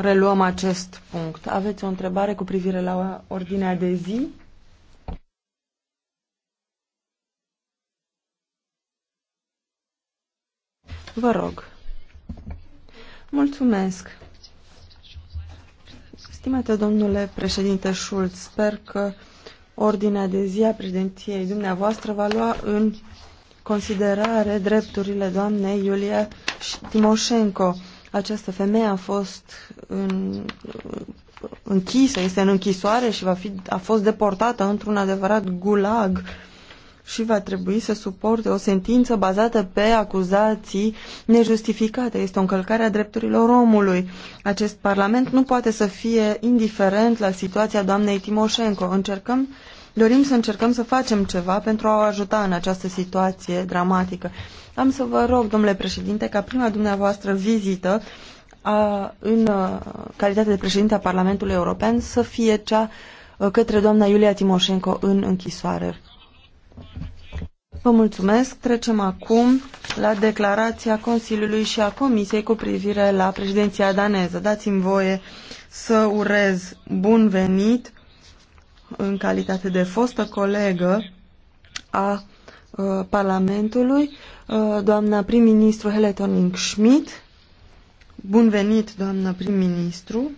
reluăm acest punct. Aveți o întrebare cu privire la ordinea de zi? Vă rog. Mulțumesc. Stimate domnule președinte Schulz, sper că ordinea de zi a președinției dumneavoastră va lua în considerare drepturile doamnei Iulia Timoșenko această femeie a fost în, închisă, este în închisoare și va fi, a fost deportată într-un adevărat gulag și va trebui să suporte o sentință bazată pe acuzații nejustificate. Este o încălcare a drepturilor omului. Acest parlament nu poate să fie indiferent la situația doamnei Timoșenko. Încercăm dorim să încercăm să facem ceva pentru a o ajuta în această situație dramatică. Am să vă rog, domnule președinte, ca prima dumneavoastră vizită a, în a, calitate de președinte a Parlamentului European să fie cea a, către doamna Iulia Timoșenko în închisoare. Vă mulțumesc. Trecem acum la declarația Consiliului și a Comisiei cu privire la președinția daneză. Dați-mi voie să urez bun venit în calitate de fostă colegă a uh, Parlamentului, uh, doamna prim-ministru Hele Toning Schmidt. Bun venit, doamna prim-ministru.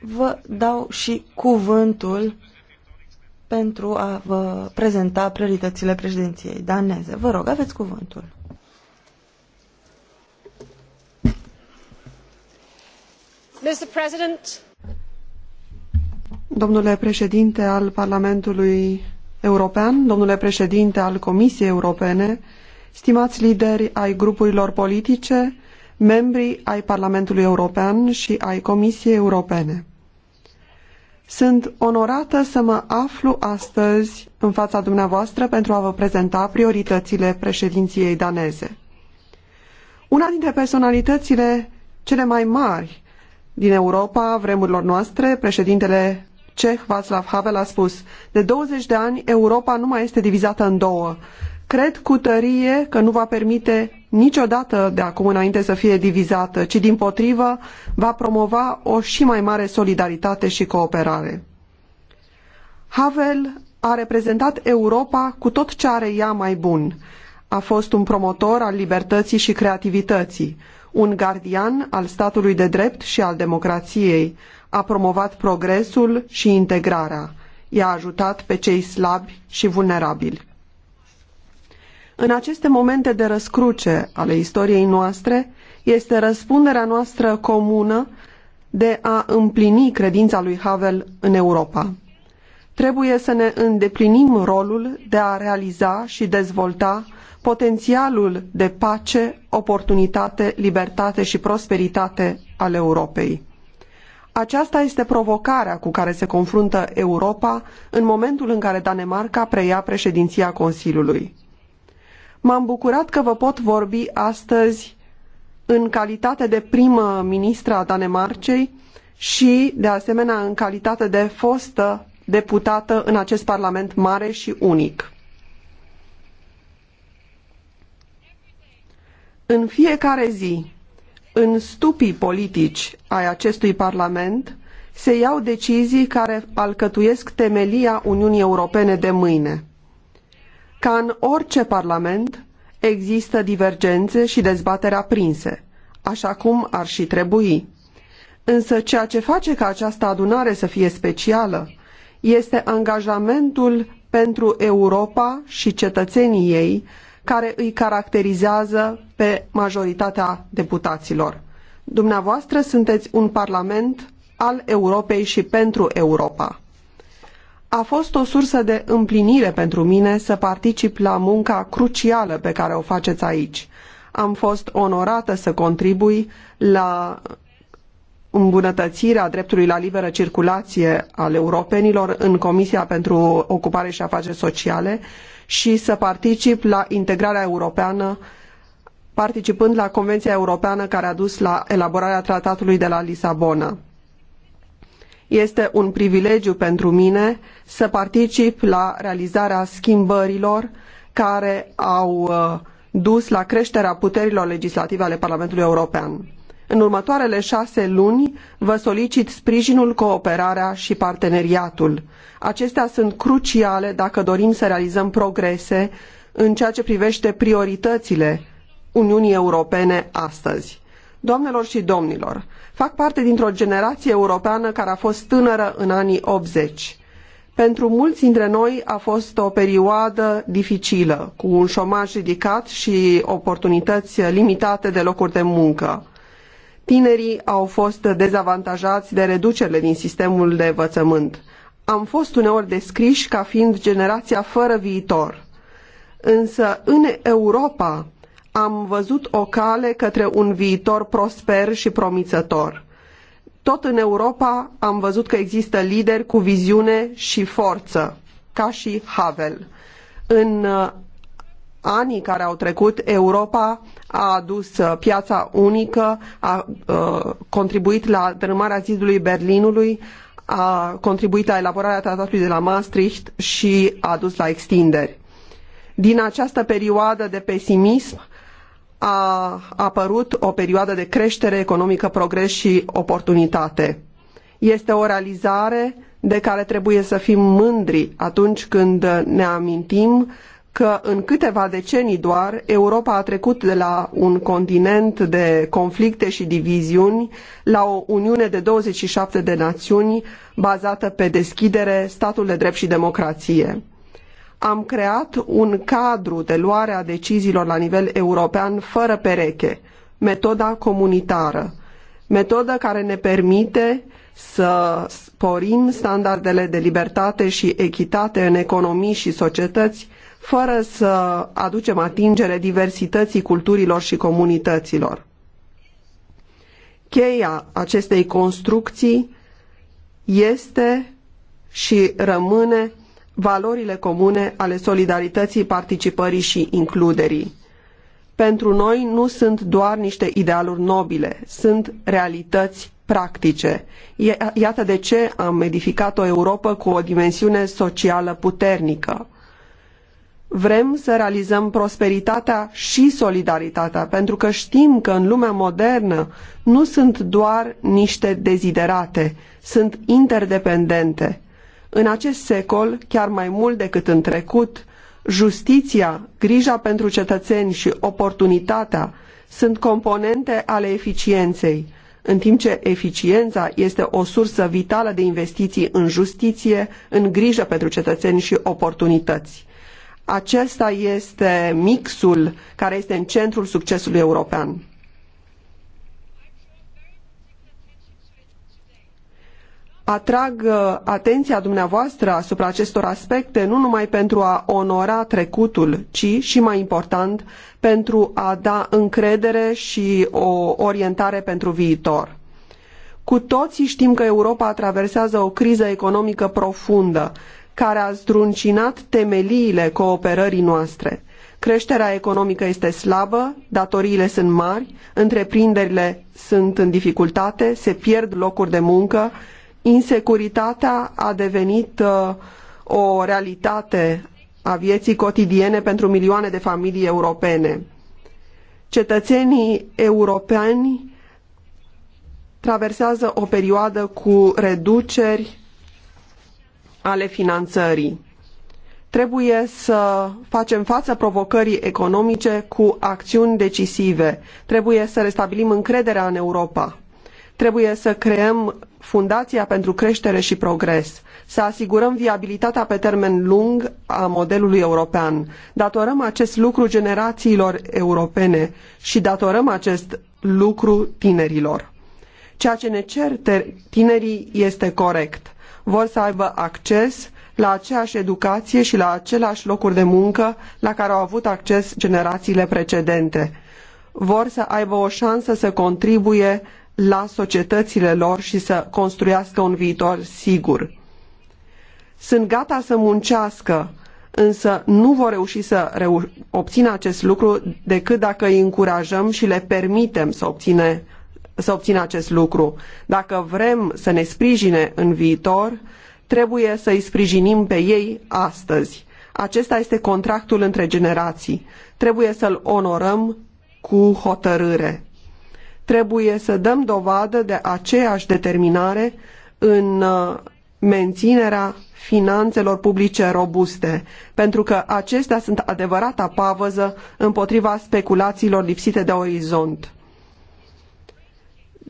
Vă dau și cuvântul pentru a vă prezenta prioritățile președinției daneze. Vă rog, aveți cuvântul. Domnule președinte al Parlamentului European, domnule președinte al Comisiei Europene, stimați lideri ai grupurilor politice, membri ai Parlamentului European și ai Comisiei Europene. Sunt onorată să mă aflu astăzi în fața dumneavoastră pentru a vă prezenta prioritățile președinției daneze. Una dintre personalitățile cele mai mari din Europa vremurilor noastre, președintele ceh Václav Havel a spus De 20 de ani Europa nu mai este divizată în două. Cred cu tărie că nu va permite niciodată de acum înainte să fie divizată, ci din potrivă va promova o și mai mare solidaritate și cooperare. Havel a reprezentat Europa cu tot ce are ea mai bun. A fost un promotor al libertății și creativității un gardian al statului de drept și al democrației. A promovat progresul și integrarea. I-a ajutat pe cei slabi și vulnerabili. În aceste momente de răscruce ale istoriei noastre, este răspunderea noastră comună de a împlini credința lui Havel în Europa. Trebuie să ne îndeplinim rolul de a realiza și dezvolta potențialul de pace, oportunitate, libertate și prosperitate al Europei. Aceasta este provocarea cu care se confruntă Europa în momentul în care Danemarca preia președinția Consiliului. M-am bucurat că vă pot vorbi astăzi în calitate de primă ministră a Danemarcei și, de asemenea, în calitate de fostă deputată în acest Parlament mare și unic. În fiecare zi, în stupii politici ai acestui Parlament, se iau decizii care alcătuiesc temelia Uniunii Europene de mâine. Ca în orice Parlament, există divergențe și dezbatere aprinse, așa cum ar și trebui. Însă ceea ce face ca această adunare să fie specială este angajamentul pentru Europa și cetățenii ei care îi caracterizează pe majoritatea deputaților. Dumneavoastră sunteți un parlament al Europei și pentru Europa. A fost o sursă de împlinire pentru mine să particip la munca crucială pe care o faceți aici. Am fost onorată să contribui la îmbunătățirea dreptului la liberă circulație al europenilor în Comisia pentru Ocupare și Afaceri Sociale și să particip la integrarea europeană participând la Convenția Europeană care a dus la elaborarea tratatului de la Lisabona. Este un privilegiu pentru mine să particip la realizarea schimbărilor care au uh, dus la creșterea puterilor legislative ale Parlamentului European. În următoarele șase luni vă solicit sprijinul, cooperarea și parteneriatul. Acestea sunt cruciale dacă dorim să realizăm progrese în ceea ce privește prioritățile Uniunii Europene astăzi. Doamnelor și domnilor, fac parte dintr-o generație europeană care a fost tânără în anii 80. Pentru mulți dintre noi a fost o perioadă dificilă, cu un șomaj ridicat și oportunități limitate de locuri de muncă. Tinerii au fost dezavantajați de reducerile din sistemul de învățământ. Am fost uneori descriși ca fiind generația fără viitor. Însă în Europa am văzut o cale către un viitor prosper și promițător. Tot în Europa am văzut că există lideri cu viziune și forță, ca și Havel. În uh, anii care au trecut, Europa a adus uh, piața unică, a, a uh, contribuit la dărâmarea zidului Berlinului, a contribuit la elaborarea tratatului de la Maastricht și a dus la extinderi. Din această perioadă de pesimism a apărut o perioadă de creștere economică, progres și oportunitate. Este o realizare de care trebuie să fim mândri atunci când ne amintim că în câteva decenii doar Europa a trecut de la un continent de conflicte și diviziuni la o uniune de 27 de națiuni bazată pe deschidere, statul de drept și democrație. Am creat un cadru de luare a deciziilor la nivel european fără pereche, metoda comunitară, metodă care ne permite să sporim standardele de libertate și echitate în economii și societăți, fără să aducem atingere diversității culturilor și comunităților. Cheia acestei construcții este și rămâne valorile comune ale solidarității, participării și includerii. Pentru noi nu sunt doar niște idealuri nobile, sunt realități practice. Iată de ce am edificat o Europă cu o dimensiune socială puternică. Vrem să realizăm prosperitatea și solidaritatea, pentru că știm că în lumea modernă nu sunt doar niște deziderate, sunt interdependente. În acest secol, chiar mai mult decât în trecut, justiția, grija pentru cetățeni și oportunitatea sunt componente ale eficienței, în timp ce eficiența este o sursă vitală de investiții în justiție, în grijă pentru cetățeni și oportunități. Acesta este mixul care este în centrul succesului european. atrag uh, atenția dumneavoastră asupra acestor aspecte nu numai pentru a onora trecutul, ci și mai important pentru a da încredere și o orientare pentru viitor. Cu toții știm că Europa traversează o criză economică profundă care a zdruncinat temeliile cooperării noastre. Creșterea economică este slabă, datoriile sunt mari, întreprinderile sunt în dificultate, se pierd locuri de muncă, insecuritatea a devenit uh, o realitate a vieții cotidiene pentru milioane de familii europene. Cetățenii europeni traversează o perioadă cu reduceri ale finanțării. Trebuie să facem față provocării economice cu acțiuni decisive. Trebuie să restabilim încrederea în Europa. Trebuie să creăm fundația pentru creștere și progres, să asigurăm viabilitatea pe termen lung a modelului european. Datorăm acest lucru generațiilor europene și datorăm acest lucru tinerilor. Ceea ce ne cer tinerii este corect vor să aibă acces la aceeași educație și la aceleași locuri de muncă la care au avut acces generațiile precedente. Vor să aibă o șansă să contribuie la societățile lor și să construiască un viitor sigur. Sunt gata să muncească, însă nu vor reuși să reu- obțină acest lucru decât dacă îi încurajăm și le permitem să obține să obțină acest lucru. Dacă vrem să ne sprijine în viitor, trebuie să îi sprijinim pe ei astăzi. Acesta este contractul între generații. Trebuie să-l onorăm cu hotărâre. Trebuie să dăm dovadă de aceeași determinare în uh, menținerea finanțelor publice robuste, pentru că acestea sunt adevărata pavăză împotriva speculațiilor lipsite de orizont.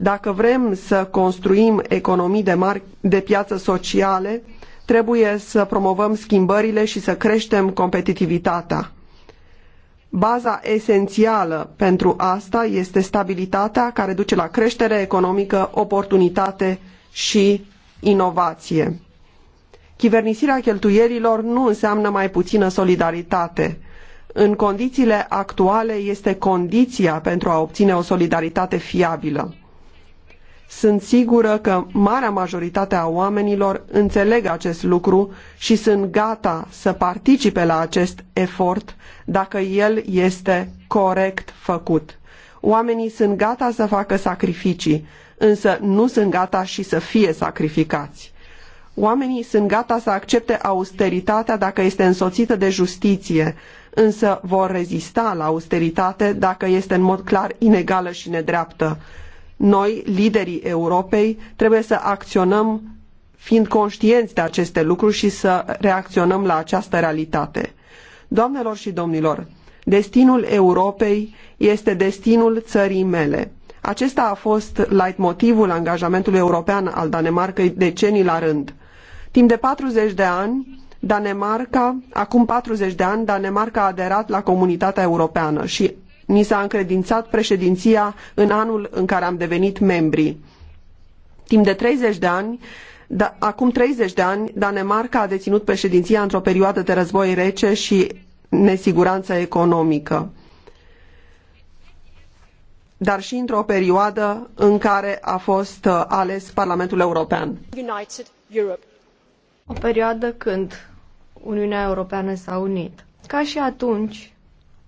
Dacă vrem să construim economii de, mari, de piață sociale, trebuie să promovăm schimbările și să creștem competitivitatea. Baza esențială pentru asta este stabilitatea care duce la creștere economică, oportunitate și inovație. Chivernisirea cheltuielilor nu înseamnă mai puțină solidaritate. În condițiile actuale este condiția pentru a obține o solidaritate fiabilă. Sunt sigură că marea majoritate a oamenilor înțeleg acest lucru și sunt gata să participe la acest efort dacă el este corect făcut. Oamenii sunt gata să facă sacrificii, însă nu sunt gata și să fie sacrificați. Oamenii sunt gata să accepte austeritatea dacă este însoțită de justiție, însă vor rezista la austeritate dacă este în mod clar inegală și nedreaptă. Noi, liderii Europei, trebuie să acționăm fiind conștienți de aceste lucruri și să reacționăm la această realitate. Doamnelor și domnilor, destinul Europei este destinul țării mele. Acesta a fost leitmotivul angajamentului european al Danemarcăi decenii la rând. Timp de 40 de ani, Danemarca, acum 40 de ani, Danemarca a aderat la comunitatea europeană și ni s-a încredințat președinția în anul în care am devenit membri. Timp de 30 de ani, da, acum 30 de ani, Danemarca a deținut președinția într-o perioadă de război rece și nesiguranță economică dar și într-o perioadă în care a fost uh, ales Parlamentul European. O perioadă când Uniunea Europeană s-a unit. Ca și atunci,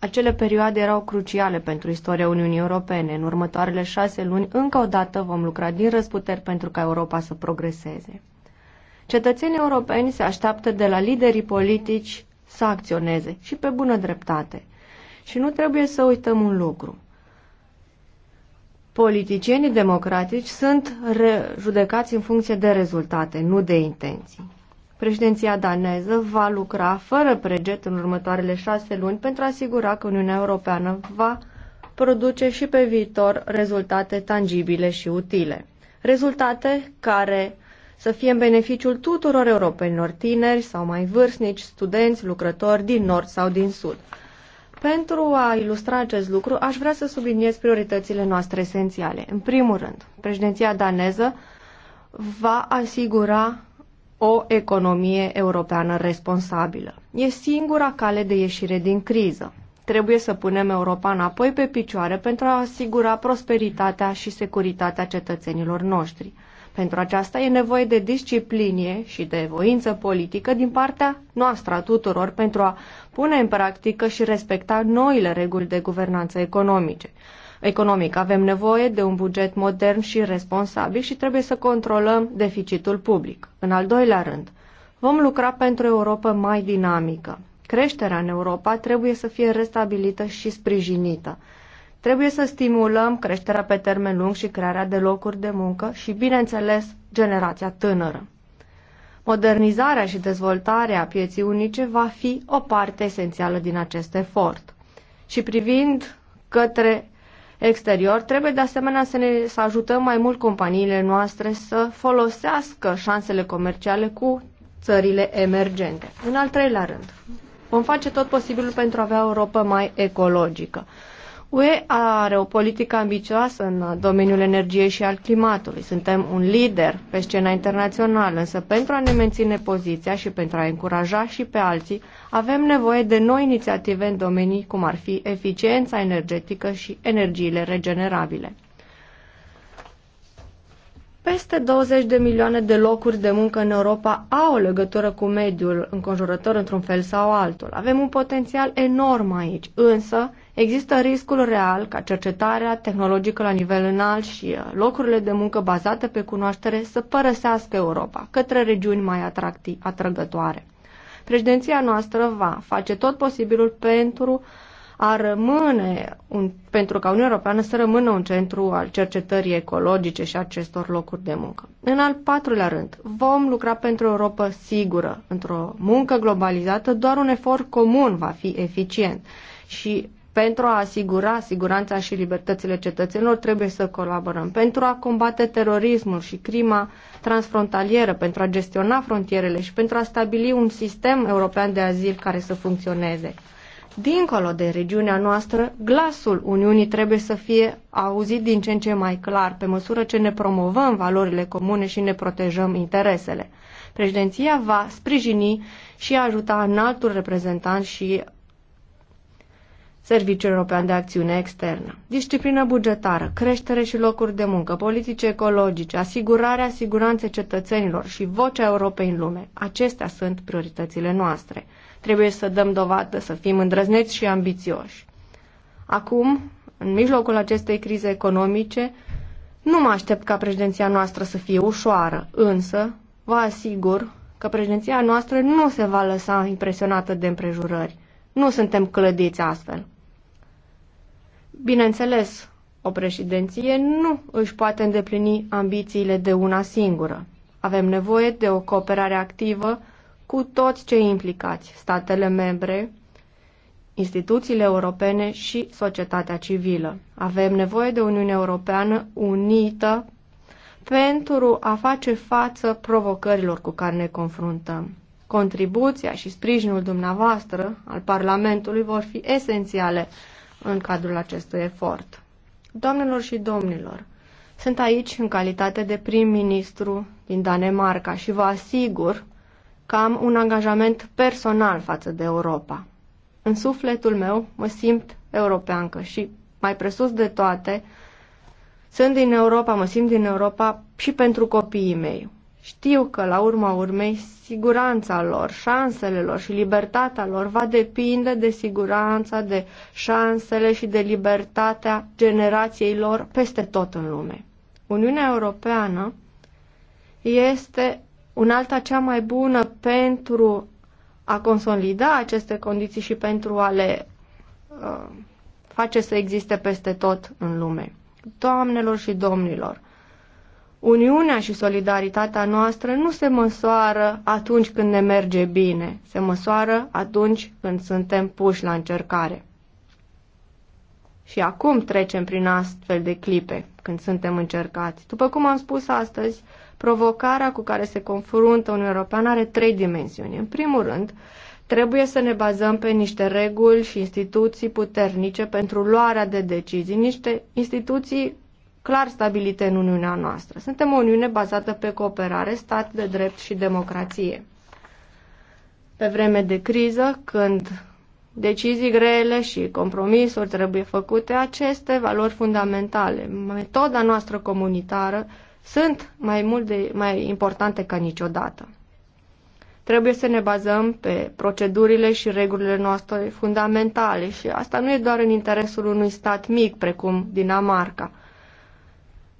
acele perioade erau cruciale pentru istoria Uniunii Europene. În următoarele șase luni, încă o dată vom lucra din răsputeri pentru ca Europa să progreseze. Cetățenii europeni se așteaptă de la liderii politici să acționeze și pe bună dreptate. Și nu trebuie să uităm un lucru. Politicienii democratici sunt judecați în funcție de rezultate, nu de intenții. Președinția daneză va lucra fără preget în următoarele șase luni pentru a asigura că Uniunea Europeană va produce și pe viitor rezultate tangibile și utile. Rezultate care să fie în beneficiul tuturor europenilor tineri sau mai vârstnici, studenți, lucrători din nord sau din sud. Pentru a ilustra acest lucru, aș vrea să subliniez prioritățile noastre esențiale. În primul rând, președinția daneză va asigura o economie europeană responsabilă. E singura cale de ieșire din criză. Trebuie să punem Europa înapoi pe picioare pentru a asigura prosperitatea și securitatea cetățenilor noștri. Pentru aceasta e nevoie de disciplinie și de voință politică din partea noastră a tuturor pentru a pune în practică și respecta noile reguli de guvernanță economice economic. Avem nevoie de un buget modern și responsabil și trebuie să controlăm deficitul public. În al doilea rând, vom lucra pentru o Europa mai dinamică. Creșterea în Europa trebuie să fie restabilită și sprijinită. Trebuie să stimulăm creșterea pe termen lung și crearea de locuri de muncă și, bineînțeles, generația tânără. Modernizarea și dezvoltarea pieții unice va fi o parte esențială din acest efort. Și privind către exterior, trebuie de asemenea să, ne, să ajutăm mai mult companiile noastre să folosească șansele comerciale cu țările emergente. În al treilea rând, vom face tot posibilul pentru a avea o Europa mai ecologică. UE are o politică ambicioasă în domeniul energiei și al climatului. Suntem un lider pe scena internațională, însă pentru a ne menține poziția și pentru a încuraja și pe alții, avem nevoie de noi inițiative în domenii cum ar fi eficiența energetică și energiile regenerabile. Peste 20 de milioane de locuri de muncă în Europa au o legătură cu mediul înconjurător într-un fel sau altul. Avem un potențial enorm aici, însă există riscul real ca cercetarea tehnologică la nivel înalt și uh, locurile de muncă bazate pe cunoaștere să părăsească Europa către regiuni mai atractive, atrăgătoare. Președinția noastră va face tot posibilul pentru a rămâne, un, pentru ca Uniunea Europeană să rămână un centru al cercetării ecologice și acestor locuri de muncă. În al patrulea rând, vom lucra pentru o Europa sigură. Într-o muncă globalizată, doar un efort comun va fi eficient. Și pentru a asigura siguranța și libertățile cetățenilor, trebuie să colaborăm. Pentru a combate terorismul și crima transfrontalieră, pentru a gestiona frontierele și pentru a stabili un sistem european de azil care să funcționeze dincolo de regiunea noastră, glasul Uniunii trebuie să fie auzit din ce în ce mai clar, pe măsură ce ne promovăm valorile comune și ne protejăm interesele. Președinția va sprijini și ajuta înaltul reprezentant și Serviciul European de Acțiune Externă. Disciplină bugetară, creștere și locuri de muncă, politici ecologice, asigurarea siguranței cetățenilor și vocea Europei în lume. Acestea sunt prioritățile noastre. Trebuie să dăm dovadă, să fim îndrăzneți și ambițioși. Acum, în mijlocul acestei crize economice, nu mă aștept ca președinția noastră să fie ușoară, însă vă asigur că președinția noastră nu se va lăsa impresionată de împrejurări. Nu suntem clădiți astfel. Bineînțeles, o președinție nu își poate îndeplini ambițiile de una singură. Avem nevoie de o cooperare activă cu toți cei implicați, statele membre, instituțiile europene și societatea civilă. Avem nevoie de Uniune Europeană unită pentru a face față provocărilor cu care ne confruntăm. Contribuția și sprijinul dumneavoastră al Parlamentului vor fi esențiale în cadrul acestui efort. Doamnelor și domnilor, sunt aici în calitate de prim-ministru din Danemarca și vă asigur că am un angajament personal față de Europa. În sufletul meu mă simt europeancă și, mai presus de toate, sunt din Europa, mă simt din Europa și pentru copiii mei. Știu că, la urma urmei, siguranța lor, șansele lor și libertatea lor va depinde de siguranța, de șansele și de libertatea generației lor peste tot în lume. Uniunea Europeană este un alta cea mai bună pentru a consolida aceste condiții și pentru a le uh, face să existe peste tot în lume. Doamnelor și domnilor, Uniunea și solidaritatea noastră nu se măsoară atunci când ne merge bine, se măsoară atunci când suntem puși la încercare. Și acum trecem prin astfel de clipe, când suntem încercați. După cum am spus astăzi, provocarea cu care se confruntă un european are trei dimensiuni. În primul rând, trebuie să ne bazăm pe niște reguli și instituții puternice pentru luarea de decizii, niște instituții clar stabilite în Uniunea noastră. Suntem o Uniune bazată pe cooperare, stat de drept și democrație. Pe vreme de criză, când decizii grele și compromisuri trebuie făcute, aceste valori fundamentale, metoda noastră comunitară, sunt mai mult de, mai importante ca niciodată. Trebuie să ne bazăm pe procedurile și regulile noastre fundamentale și asta nu e doar în interesul unui stat mic precum Dinamarca,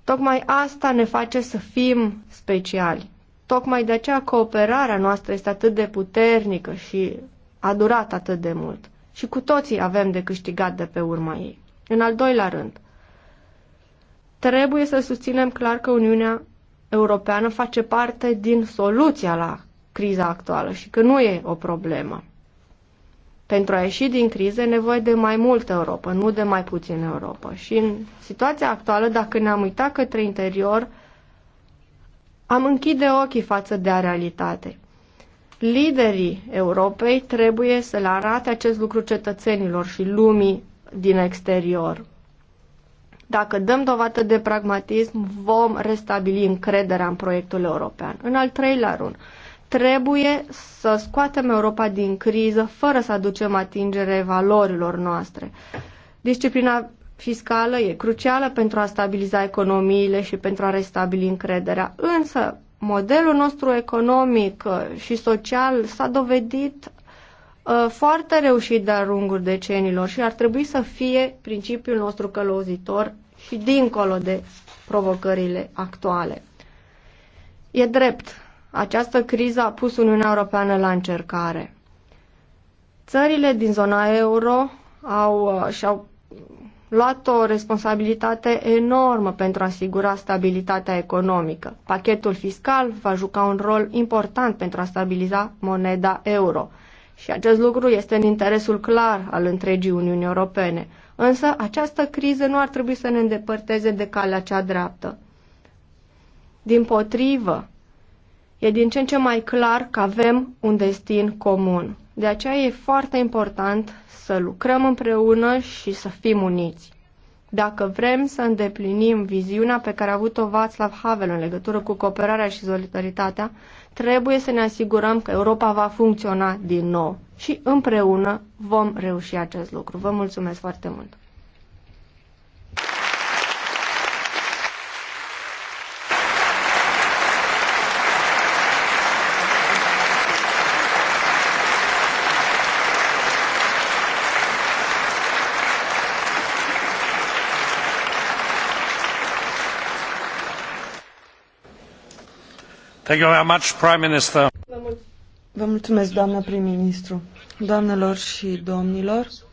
Tocmai asta ne face să fim speciali. Tocmai de aceea cooperarea noastră este atât de puternică și a durat atât de mult. Și cu toții avem de câștigat de pe urma ei. În al doilea rând, trebuie să susținem clar că Uniunea Europeană face parte din soluția la criza actuală și că nu e o problemă. Pentru a ieși din criză e nevoie de mai multă Europa, nu de mai puțin Europa. Și în situația actuală, dacă ne-am uitat către interior, am închide ochii față de a realitate. Liderii Europei trebuie să le arate acest lucru cetățenilor și lumii din exterior. Dacă dăm dovadă de pragmatism, vom restabili încrederea în proiectul european. În al treilea rând, Trebuie să scoatem Europa din criză fără să aducem atingere valorilor noastre. Disciplina fiscală e crucială pentru a stabiliza economiile și pentru a restabili încrederea. Însă, modelul nostru economic și social s-a dovedit ă, foarte reușit de-a lungul decenilor și ar trebui să fie principiul nostru călăuzitor și dincolo de provocările actuale. E drept această criză a pus Uniunea Europeană la încercare. Țările din zona euro au, uh, și-au luat o responsabilitate enormă pentru a asigura stabilitatea economică. Pachetul fiscal va juca un rol important pentru a stabiliza moneda euro. Și acest lucru este în interesul clar al întregii Uniuni Europene. Însă această criză nu ar trebui să ne îndepărteze de calea cea dreaptă. Din potrivă, E din ce în ce mai clar că avem un destin comun. De aceea e foarte important să lucrăm împreună și să fim uniți. Dacă vrem să îndeplinim viziunea pe care a avut-o Václav Havel în legătură cu cooperarea și solidaritatea, trebuie să ne asigurăm că Europa va funcționa din nou și împreună vom reuși acest lucru. Vă mulțumesc foarte mult! Vă mulțumesc, doamnă prim-ministru. Doamnelor și domnilor,